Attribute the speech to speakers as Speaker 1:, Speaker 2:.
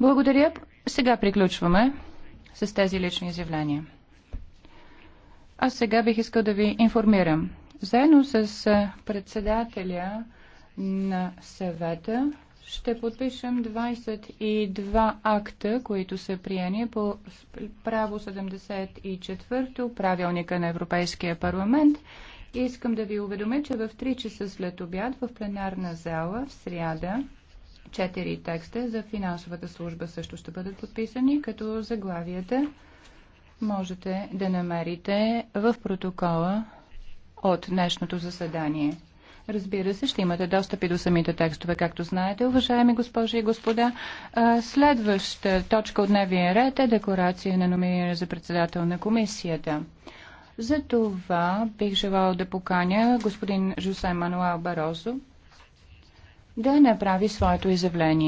Speaker 1: Благодаря. Сега приключваме с тези лични изявления. Аз сега бих искал да ви информирам. Заедно с председателя на съвета ще подпишем 22 акта, които са приени по право 74 правилника на Европейския парламент. Искам да ви уведомя, че в 3 часа след обяд в пленарна зала в сряда Четири текста за финансовата служба също ще бъдат подписани, като заглавията можете да намерите в протокола от днешното заседание. Разбира се, ще имате достъп и до самите текстове, както знаете, уважаеми госпожи и господа. Следваща точка от дневния ред е декларация на номиниране за председател на комисията. За това бих желал да поканя господин Жосе Мануел Барозо да направи своето изявление.